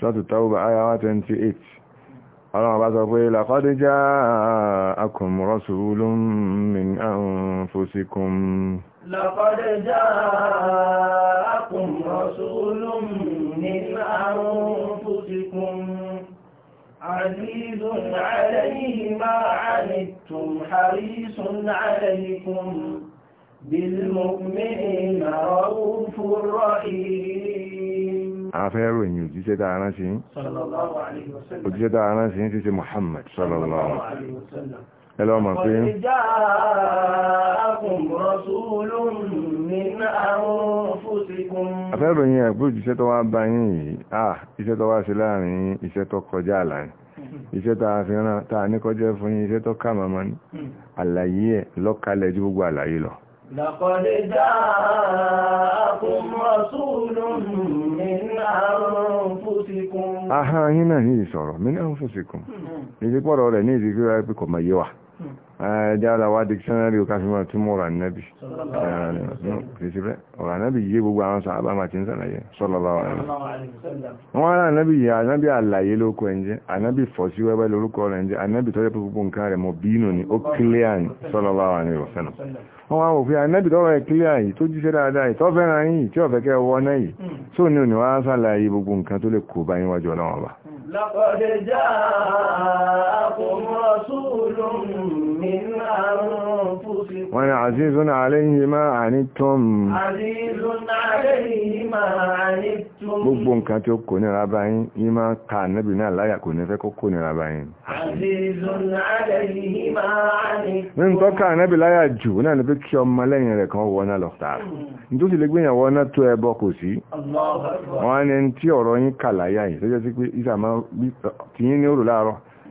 سورة التوبة آية 28 الله عباس أقول لقد جاءكم رسول من أنفسكم لقد جاءكم رسول من أنفسكم عزيز عليه ما عندتم حريص عليكم بالمؤمنين رؤوف رحيم afẹ́ ròyìn òjíṣẹ́ tá a rán sí òjíṣẹ́ tá a rán sí ti ṣe Muhammad sallallahu alaihi wasallam ẹlọ ọmọ pé afẹ́ ròyìn ẹ̀gbẹ́ òjíṣẹ́ tó wá bá yín yìí ah iṣẹ́ tó wá sí láàrin tàà hmm. fi rán tàà ní kọjẹ́ fún yí iṣẹ́ tó ká màmá ní hmm. àlàyé ẹ̀ lọ́kàlẹ̀ ju gbogbo àlàyé lọ. Laqad ja'akum rasulun ahán yín náà ní ìsọ̀rọ̀ mí náà ń fòsìkún hmm. ìdípọ̀rọ̀ rẹ̀ ní ìdíkúrò ẹ̀pẹ̀kọ̀ mọ̀ yé wa Eh, ẹjá àlàwà dictionary okafimọ̀ túnmọ̀ ọ̀rọ̀ ànábì eh, kìí rẹ̀ ọ̀rọ̀ ànábì yé gbogbo àwọn sàábà máa ti ń sàlàyé sallallahu alaihi wasallam wọ́n rán ànábì yìí ànábì àlàyé lóko ẹ̀njẹ́ ànábì fọ̀sí wẹ́wẹ́ lórúkọ rẹ̀ ẹ̀njẹ́ ànábì tọ́jọ́ pé nǹkan rẹ̀ mọ̀ bínú ni ó kílíà ní sallallahu alaihi wasallam wọ́n wá wò ànábì tọ́rọ ẹ̀ kílíà yìí tó jíṣẹ́ dáadáa yìí tọ́fẹ́ ra yìí tí ọ̀fẹ́ kẹ́ náà yìí tó ní òní gbogbo nǹkan tó lè kó wọ́n ni azizun alayhi ma anittum gbogbo nǹkan tí ó kò nira báyìí yí máa ka nẹ́bì náà láyà kò ní fẹ́ kó kò nira báyìí ní tó ká nẹ́bì láyà jù náà ní pé kí ọmọ lẹ́yìn rẹ̀ kan wọ́n náà lọ́ta hmm. ní tó sì lè gbìyànwọ́ náà tó ẹbọ kò sí wọ́n ni tí ọ̀rọ̀ yín kà láyà yìí tó jẹ́ sí pé ìsàmọ́ tí yín ní òrò láàárọ̀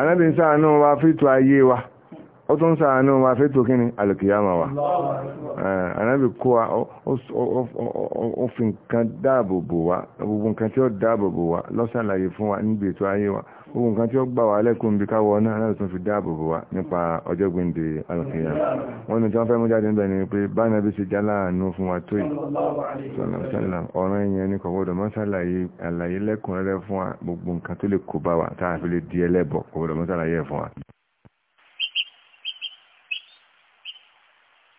Ànábì ń ṣàánú wa fìtò ayé wa ó tún sàánú ma fi tó kí ni alìkìyàmà wa anábì eh, kó wa ó fi nǹkan dáàbòbò wa gbogbo nǹkan tí ó dáàbòbò wa lọ́sàlàyé fún wa níbi ètò ayé wa gbogbo nǹkan tí ó gbà wá lẹ́kùn bí káwọ náà láti tún fi dáàbòbò wa nípa ọjọ́ gbìndé alìkìyàmà wọn ni tí wọ́n fẹ́ mú jáde níbẹ̀ ni pé báyìí bí ṣe jáláàánú fún wa tó yìí ọ̀rọ̀ ẹ̀yẹn ni kọ̀wọ́dọ̀ mọ́sàlàyé àlàyé lẹ́kùnrẹ́rẹ́ fún wa gbogbo nǹkan tó lè kó bá wa táà fi lè di ẹlẹ́bọ̀ kọ̀wọ́dọ̀ mọ́sàlàyé fún wa